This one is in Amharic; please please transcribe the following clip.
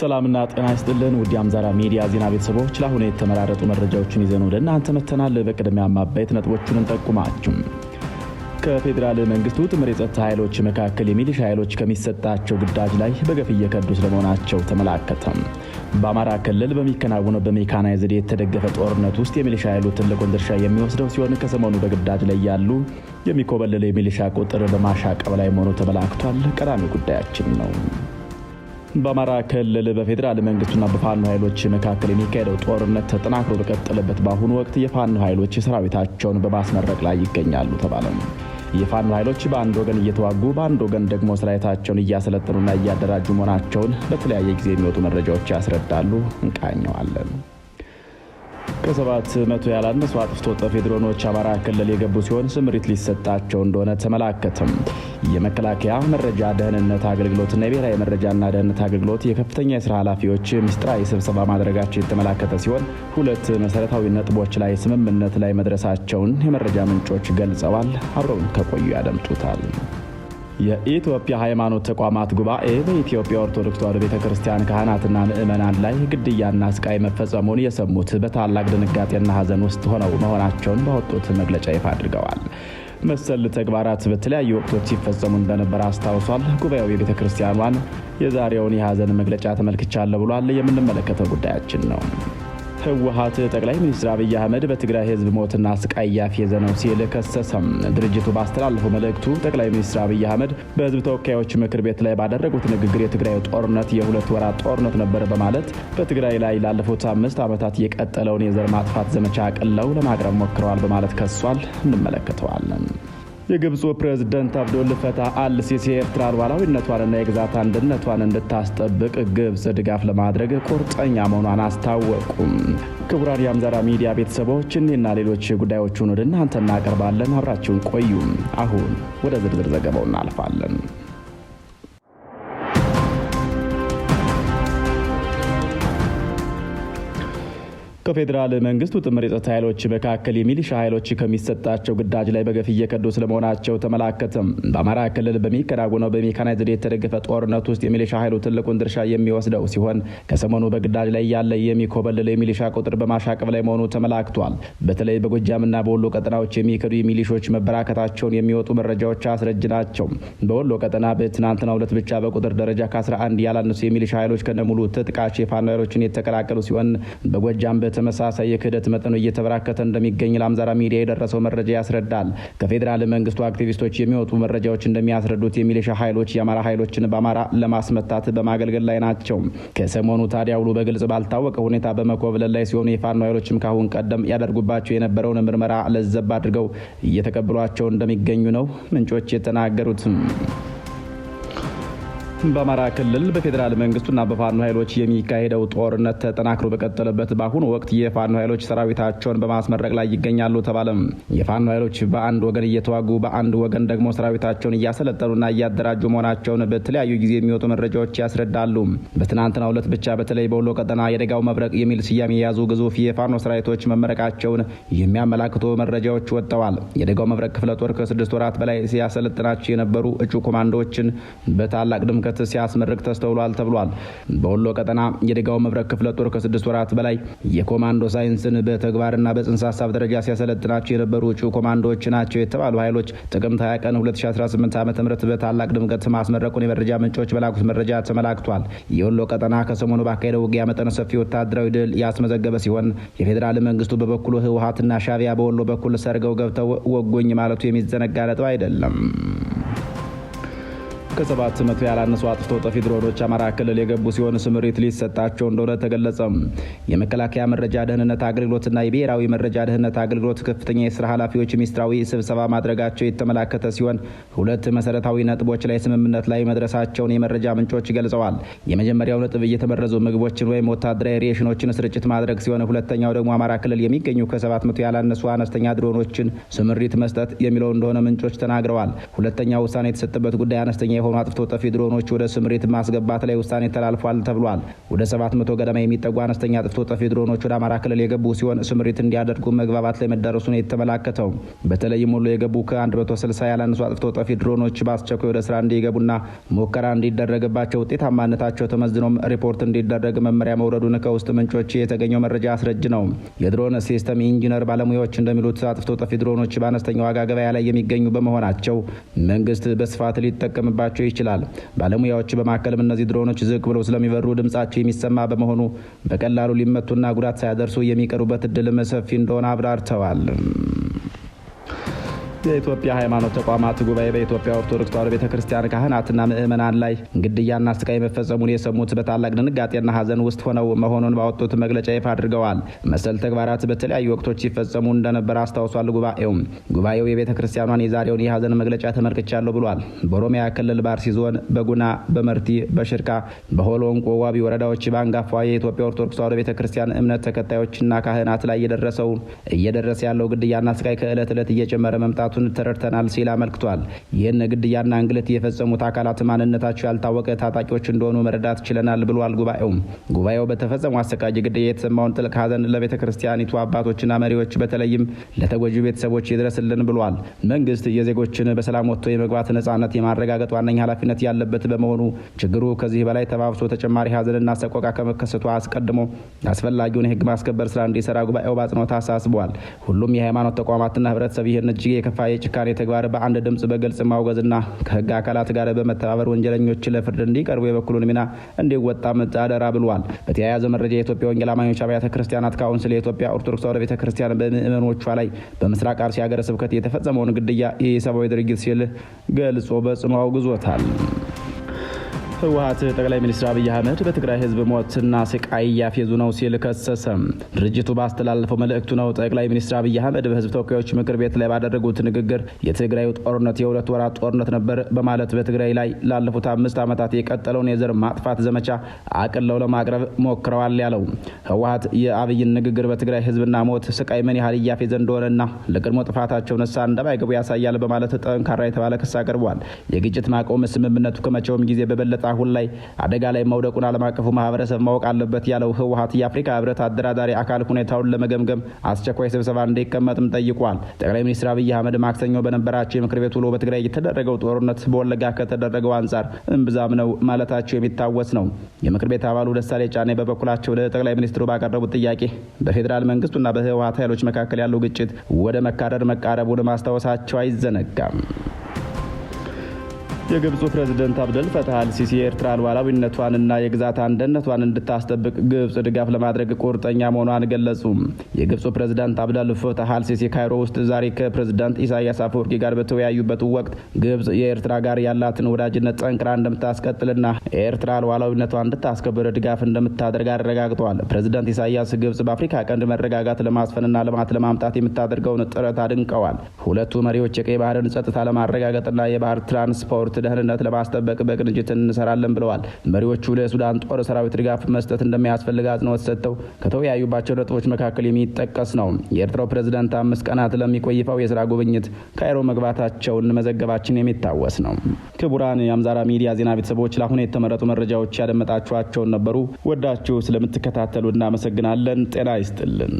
ሰላምና ጤና ይስጥልን ውድ አምዛራ ሚዲያ ዜና ቤተሰቦች፣ ለአሁኑ የተመራረጡ መረጃዎችን ይዘን ወደ እናንተ መተናል። በቅድሚያ ማባየት ነጥቦቹን ጠቁማችሁ ከፌዴራል መንግስቱ ጥምር የጸጥታ ኃይሎች መካከል የሚሊሻ ኃይሎች ከሚሰጣቸው ግዳጅ ላይ በገፍ እየከዱ ስለመሆናቸው ተመላከተ። በአማራ ክልል በሚከናወነው በሜካናይዝድ የተደገፈ ጦርነት ውስጥ የሚሊሻ ኃይሉ ትልቁን ድርሻ የሚወስደው ሲሆን ከሰሞኑ በግዳጅ ላይ ያሉ የሚኮበልለው የሚሊሻ ቁጥር በማሻቀብ ላይ መሆኑ ተመላክቷል። ቀዳሚ ጉዳያችን ነው። በአማራ ክልል በፌዴራል መንግስቱና በፋኖ ኃይሎች መካከል የሚካሄደው ጦርነት ተጠናክሮ በቀጠለበት በአሁኑ ወቅት የፋኖ ኃይሎች ሰራዊታቸውን በማስመረቅ ላይ ይገኛሉ ተባለ። የፋኖ ኃይሎች በአንድ ወገን እየተዋጉ በአንድ ወገን ደግሞ ሰራዊታቸውን እያሰለጠኑና እያደራጁ መሆናቸውን በተለያየ ጊዜ የሚወጡ መረጃዎች ያስረዳሉ። እንቃኘዋለን። ከሰባት መቶ ያላነሱ አጥፍቶ ጠፊ ድሮኖች አማራ ክልል የገቡ ሲሆን ስምሪት ሊሰጣቸው እንደሆነ ተመላከተም። የመከላከያ መረጃ ደህንነት አገልግሎትና የብሔራዊ መረጃና ደህንነት አገልግሎት የከፍተኛ የስራ ኃላፊዎች ሚስጥራዊ ስብሰባ ማድረጋቸው የተመላከተ ሲሆን ሁለት መሰረታዊ ነጥቦች ላይ ስምምነት ላይ መድረሳቸውን የመረጃ ምንጮች ገልጸዋል። አብረውን ከቆዩ ያደምጡታል። የኢትዮጵያ ሃይማኖት ተቋማት ጉባኤ በኢትዮጵያ ኦርቶዶክስ ተዋሕዶ ቤተ ክርስቲያን ካህናትና ምዕመናን ላይ ግድያና ስቃይ መፈጸሙን የሰሙት በታላቅ ድንጋጤና ሐዘን ውስጥ ሆነው መሆናቸውን በወጡት መግለጫ ይፋ አድርገዋል። መሰል ተግባራት በተለያዩ ወቅቶች ሲፈጸሙ እንደነበር አስታውሷል። ጉባኤው የቤተ ክርስቲያኗን የዛሬውን የሐዘን መግለጫ ተመልክቻለሁ ብሏል። የምንመለከተው ጉዳያችን ነው። ህወሀት ጠቅላይ ሚኒስትር አብይ አህመድ በትግራይ ህዝብ ሞትና ስቃይ እያፌዘ ነው ሲል ከሰሰም። ድርጅቱ ባስተላለፈው መልእክቱ ጠቅላይ ሚኒስትር አብይ አህመድ በህዝብ ተወካዮች ምክር ቤት ላይ ባደረጉት ንግግር የትግራይ ጦርነት የሁለት ወራት ጦርነት ነበር በማለት በትግራይ ላይ ላለፉት አምስት ዓመታት የቀጠለውን የዘር ማጥፋት ዘመቻ አቅለው ለማቅረብ ሞክረዋል በማለት ከሷል። እንመለከተዋለን። የግብፁ ፕሬዝደንት አብዶል ፈታ አል ሲሲ ሉዓላዊነቷንና የግዛት አንድነቷን እንድታስጠብቅ ግብፅ ድጋፍ ለማድረግ ቁርጠኛ መሆኗን አስታወቁም። ክቡራን የአምዛራ ሚዲያ ቤተሰቦች እኔና ሌሎች ጉዳዮቹን ወደ እናንተ እናቀርባለን። አብራችሁን ቆዩ። አሁን ወደ ዝርዝር ዘገባው እናልፋለን። ከፌዴራል መንግስቱ ጥምር የጸጥታ ኃይሎች መካከል የሚሊሻ ኃይሎች ከሚሰጣቸው ግዳጅ ላይ በገፍ እየከዱ ስለመሆናቸው ተመላከተም። በአማራ ክልል በሚከናወነው በሜካናይዝድ የተደገፈ ጦርነት ውስጥ የሚሊሻ ኃይሉ ትልቁን ድርሻ የሚወስደው ሲሆን ከሰሞኑ በግዳጅ ላይ ያለ የሚኮበልል የሚሊሻ ቁጥር በማሻቀብ ላይ መሆኑ ተመላክቷል። በተለይ በጎጃምና በወሎ ቀጠናዎች የሚከዱ የሚሊሾች መበራከታቸውን የሚወጡ መረጃዎች አስረጅ ናቸው። በወሎ ቀጠና በትናንትና ሁለት ብቻ በቁጥር ደረጃ ከ11 ያላነሱ የሚሊሻ ኃይሎች ከነሙሉ ትጥቃቸው የፋኖ ኃይሎችን የተቀላቀሉ ሲሆን በጎጃም በተመሳሳይ የክህደት መጠኑ እየተበራከተ እንደሚገኝ ለአምዛራ ሚዲያ የደረሰው መረጃ ያስረዳል። ከፌዴራል መንግስቱ አክቲቪስቶች የሚወጡ መረጃዎች እንደሚያስረዱት የሚሊሻ ኃይሎች የአማራ ኃይሎችን በአማራ ለማስመታት በማገልገል ላይ ናቸው። ከሰሞኑ ታዲያ ውሉ በግልጽ ባልታወቀ ሁኔታ በመኮብለል ላይ ሲሆኑ የፋኖ ኃይሎችም ካሁን ቀደም ያደርጉባቸው የነበረውን ምርመራ ለዘብ አድርገው እየተቀብሏቸው እንደሚገኙ ነው ምንጮች የተናገሩትም። በአማራ ክልል በፌዴራል መንግስቱና በፋኖ ኃይሎች የሚካሄደው ጦርነት ተጠናክሮ በቀጠለበት በአሁኑ ወቅት የፋኖ ኃይሎች ሰራዊታቸውን በማስመረቅ ላይ ይገኛሉ ተባለም። የፋኖ ኃይሎች በአንድ ወገን እየተዋጉ በአንድ ወገን ደግሞ ሰራዊታቸውን እያሰለጠኑና እያደራጁ መሆናቸውን በተለያዩ ጊዜ የሚወጡ መረጃዎች ያስረዳሉ። በትናንትናው ዕለት ብቻ በተለይ በወሎ ቀጠና የደጋው መብረቅ የሚል ስያሜ የያዙ ግዙፍ የፋኖ ሰራዊቶች መመረቃቸውን የሚያመላክቱ መረጃዎች ወጥተዋል። የደጋው መብረቅ ክፍለ ጦር ከስድስት ወራት በላይ ሲያሰለጥናቸው የነበሩ እጩ ኮማንዶዎችን በታላቅ ድምቀት መሰረት ሲያስመርቅ ተስተውሏል ተብሏል። በወሎ ቀጠና የደጋው መብረቅ ክፍለ ጦር ከስድስት ወራት በላይ የኮማንዶ ሳይንስን በተግባርና በጽንሰ ሀሳብ ደረጃ ሲያሰለጥናቸው የነበሩ እጩ ኮማንዶዎች ናቸው የተባሉ ኃይሎች ጥቅምት 20 ቀን 2018 ዓ ም በታላቅ ድምቀት ማስመረቁን የመረጃ ምንጮች በላኩት መረጃ ተመላክቷል። የወሎ ቀጠና ከሰሞኑ ባካሄደው ውጊያ መጠነ ሰፊ ወታደራዊ ድል ያስመዘገበ ሲሆን የፌዴራል መንግስቱ በበኩሉ ህወሀትና ሻቢያ በወሎ በኩል ሰርገው ገብተው ወጎኝ ማለቱ የሚዘነጋ ነጥብ አይደለም። ከሰባት መቶ ያላነሱ አጥፍቶ ጠፊ ድሮኖች አማራ ክልል የገቡ ሲሆን ስምሪት ሊሰጣቸው እንደሆነ ተገለጸ። የመከላከያ መረጃ ደህንነት አገልግሎትና የብሔራዊ መረጃ ደህንነት አገልግሎት ከፍተኛ የስራ ኃላፊዎች ሚኒስትራዊ ስብሰባ ማድረጋቸው የተመላከተ ሲሆን ሁለት መሰረታዊ ነጥቦች ላይ ስምምነት ላይ መድረሳቸውን የመረጃ ምንጮች ገልጸዋል። የመጀመሪያው ነጥብ እየተመረዙ ምግቦችን ወይም ወታደራዊ ሬሽኖችን ስርጭት ማድረግ ሲሆን ሁለተኛው ደግሞ አማራ ክልል የሚገኙ ከሰባት መቶ ያላነሱ አነስተኛ ድሮኖችን ስምሪት መስጠት የሚለው እንደሆነ ምንጮች ተናግረዋል። ሁለተኛው ውሳኔ የተሰጠበት ጉዳይ አነስተኛ የሆኑ ያላቸውን አጥፍቶ ጠፊ ድሮኖች ወደ ስምሪት ማስገባት ላይ ውሳኔ ተላልፏል ተብሏል። ወደ 700 ገደማ የሚጠጉ አነስተኛ አጥፍቶ ጠፊ ድሮኖች ወደ አማራ ክልል የገቡ ሲሆን ስምሪት እንዲያደርጉ መግባባት ላይ መዳረሱ ነው የተመላከተው። በተለይም ሁሉ የገቡ ከ160 ያላነሱ አጥፍቶ ጠፊ ድሮኖች በአስቸኳይ ወደ ስራ እንዲገቡና ሙከራ እንዲደረግባቸው ውጤታማነታቸው ተመዝኖም ሪፖርት እንዲደረግ መመሪያ መውረዱን ከውስጥ ምንጮች የተገኘው መረጃ አስረጅ ነው። የድሮን ሲስተም ኢንጂነር ባለሙያዎች እንደሚሉት አጥፍቶ ጠፊ ድሮኖች በአነስተኛ ዋጋ ገበያ ላይ የሚገኙ በመሆናቸው መንግስት በስፋት ሊጠቀምባቸው ሊኖራቸው ይችላል። ባለሙያዎች በማከልም እነዚህ ድሮኖች ዝቅ ብለው ስለሚበሩ ድምጻቸው የሚሰማ በመሆኑ በቀላሉ ሊመቱና ጉዳት ሳያደርሱ የሚቀሩበት እድልም ሰፊ እንደሆነ አብራርተዋል። የኢትዮጵያ ሃይማኖት ተቋማት ጉባኤ በኢትዮጵያ ኦርቶዶክስ ተዋሕዶ ቤተ ክርስቲያን ካህናትና ምእመናን ላይ ግድያና ስቃይ መፈጸሙን የሰሙት በታላቅ ድንጋጤና ሀዘን ውስጥ ሆነው መሆኑን ባወጡት መግለጫ ይፋ አድርገዋል። መሰል ተግባራት በተለያዩ ወቅቶች ሲፈጸሙ እንደነበር አስታውሷል። ጉባኤው ጉባኤው የቤተ ክርስቲያኗን የዛሬውን የሀዘን መግለጫ ተመልክቻለሁ ብሏል። በኦሮሚያ ክልል ባርሲ ዞን በጉና በመርቲ በሽርካ በሆሎንቆ ዋቢ ወረዳዎች በአንጋፋ የኢትዮጵያ ኦርቶዶክስ ተዋሕዶ ቤተ ክርስቲያን እምነት ተከታዮችና ካህናት ላይ እየደረሰው እየደረሰ ያለው ግድያና ስቃይ ከዕለት ዕለት እየጨመረ መምጣቱ መፈታቱን ተረድተናል ሲል አመልክቷል። ይህን ግድያና እንግልት የፈጸሙት አካላት ማንነታቸው ያልታወቀ ታጣቂዎች እንደሆኑ መረዳት ችለናል ብሏል ጉባኤው። ጉባኤው በተፈጸሙ አሰቃቂ ግድያ የተሰማውን ጥልቅ ሐዘን ለቤተ ክርስቲያኒቱ አባቶችና መሪዎች በተለይም ለተጎጂ ቤተሰቦች ይድረስልን ብሏል። መንግስት የዜጎችን በሰላም ወጥቶ የመግባት ነጻነት የማረጋገጥ ዋነኛ ኃላፊነት ያለበት በመሆኑ ችግሩ ከዚህ በላይ ተባብሶ ተጨማሪ ሐዘንና ሰቆቃ ከመከሰቱ አስቀድሞ አስፈላጊውን የህግ ማስከበር ስራ እንዲሰራ ጉባኤው በአጽንኦት አሳስቧል። ሁሉም የሃይማኖት ተቋማትና ህብረተሰብ ይህን እጅግ የከፋ የጭካኔ ተግባር በአንድ ድምፅ በግልጽ ማውገዝና ከህግ አካላት ጋር በመተባበር ወንጀለኞች ለፍርድ እንዲቀርቡ የበኩሉን ሚና እንዲወጣም አደራ ብሏል። በተያያዘ መረጃ የኢትዮጵያ ወንጌል አማኞች አብያተ ክርስቲያናት ካውንስል የኢትዮጵያ ኦርቶዶክስ ተዋሕዶ ቤተ ክርስቲያን በምዕመኖቿ ላይ በምስራቅ አርሲ ሀገረ ስብከት የተፈጸመውን ግድያ የሰብዊ ድርጊት ሲል ገልጾ በጽኑ አውግዞታል። ህወሀት ጠቅላይ ሚኒስትር አብይ አህመድ በትግራይ ህዝብ ሞትና ስቃይ እያፌዙ ነው ሲል ከሰሰ። ድርጅቱ ባስተላለፈው መልእክቱ ነው ጠቅላይ ሚኒስትር አብይ አህመድ በህዝብ ተወካዮች ምክር ቤት ላይ ባደረጉት ንግግር የትግራዩ ጦርነት የሁለት ወራት ጦርነት ነበር በማለት በትግራይ ላይ ላለፉት አምስት ዓመታት የቀጠለውን የዘር ማጥፋት ዘመቻ አቅለው ለማቅረብ ሞክረዋል ያለው ህወሀት የአብይን ንግግር በትግራይ ህዝብና ሞት ስቃይ ምን ያህል እያፌዘ እንደሆነና ለቅድሞ ጥፋታቸው ንሳ እንደማይገቡ ያሳያል በማለት ጠንካራ የተባለ ክስ አቅርቧል። የግጭት ማቆም ስምምነቱ ከመቼውም ጊዜ በበለጠ አሁን ላይ አደጋ ላይ መውደቁን ዓለም አቀፉ ማህበረሰብ ማወቅ አለበት ያለው ህወሀት የአፍሪካ ህብረት አደራዳሪ አካል ሁኔታውን ለመገምገም አስቸኳይ ስብሰባ እንዲቀመጥም ጠይቋል። ጠቅላይ ሚኒስትር አብይ አህመድ ማክሰኞ በነበራቸው የምክር ቤት ውሎ በትግራይ የተደረገው ጦርነት በወለጋ ከተደረገው አንጻር እምብዛም ነው ማለታቸው የሚታወስ ነው። የምክር ቤት አባሉ ደሳሌ ጫኔ በበኩላቸው ለጠቅላይ ሚኒስትሩ ባቀረቡት ጥያቄ በፌዴራል መንግስቱና በህወሀት ኃይሎች መካከል ያለው ግጭት ወደ መካረር መቃረቡን ማስታወሳቸው አይዘነጋም። የግብፁ ፕሬዝደንት አብደል ፈታህ አልሲሲ የኤርትራ ሉዓላዊነቷንና የግዛት አንድነቷን እንድታስጠብቅ ግብፅ ድጋፍ ለማድረግ ቁርጠኛ መሆኗን ገለጹ። የግብፁ ፕሬዚዳንት አብደል ፈታህ አልሲሲ ካይሮ ውስጥ ዛሬ ከፕሬዝዳንት ኢሳያስ አፈወርቂ ጋር በተወያዩበት ወቅት ግብፅ የኤርትራ ጋር ያላትን ወዳጅነት ጠንክራ እንደምታስቀጥልና የኤርትራ ሉዓላዊነቷን እንድታስከብር ድጋፍ እንደምታደርግ አረጋግጠዋል። ፕሬዚዳንት ኢሳያስ ግብፅ በአፍሪካ ቀንድ መረጋጋት ለማስፈንና ልማት ለማምጣት የምታደርገውን ጥረት አድንቀዋል። ሁለቱ መሪዎች የቀይ ባህርን ጸጥታ ለማረጋገጥና የባህር ትራንስፖርት የህዝቦች ደህንነት ለማስጠበቅ በቅንጅት እንሰራለን ብለዋል። መሪዎቹ ለሱዳን ጦር ሰራዊት ድጋፍ መስጠት እንደሚያስፈልግ አጽንኦት ሰጥተው ከተወያዩባቸው ነጥቦች መካከል የሚጠቀስ ነው። የኤርትራው ፕሬዝደንት አምስት ቀናት ለሚቆይፈው የስራ ጉብኝት ካይሮ መግባታቸውን መዘገባችን የሚታወስ ነው። ክቡራን የአምዛራ ሚዲያ ዜና ቤተሰቦች ለአሁን የተመረጡ መረጃዎች ያደመጣችኋቸውን ነበሩ። ወዳችሁ ስለምትከታተሉ እናመሰግናለን። ጤና ይስጥልን።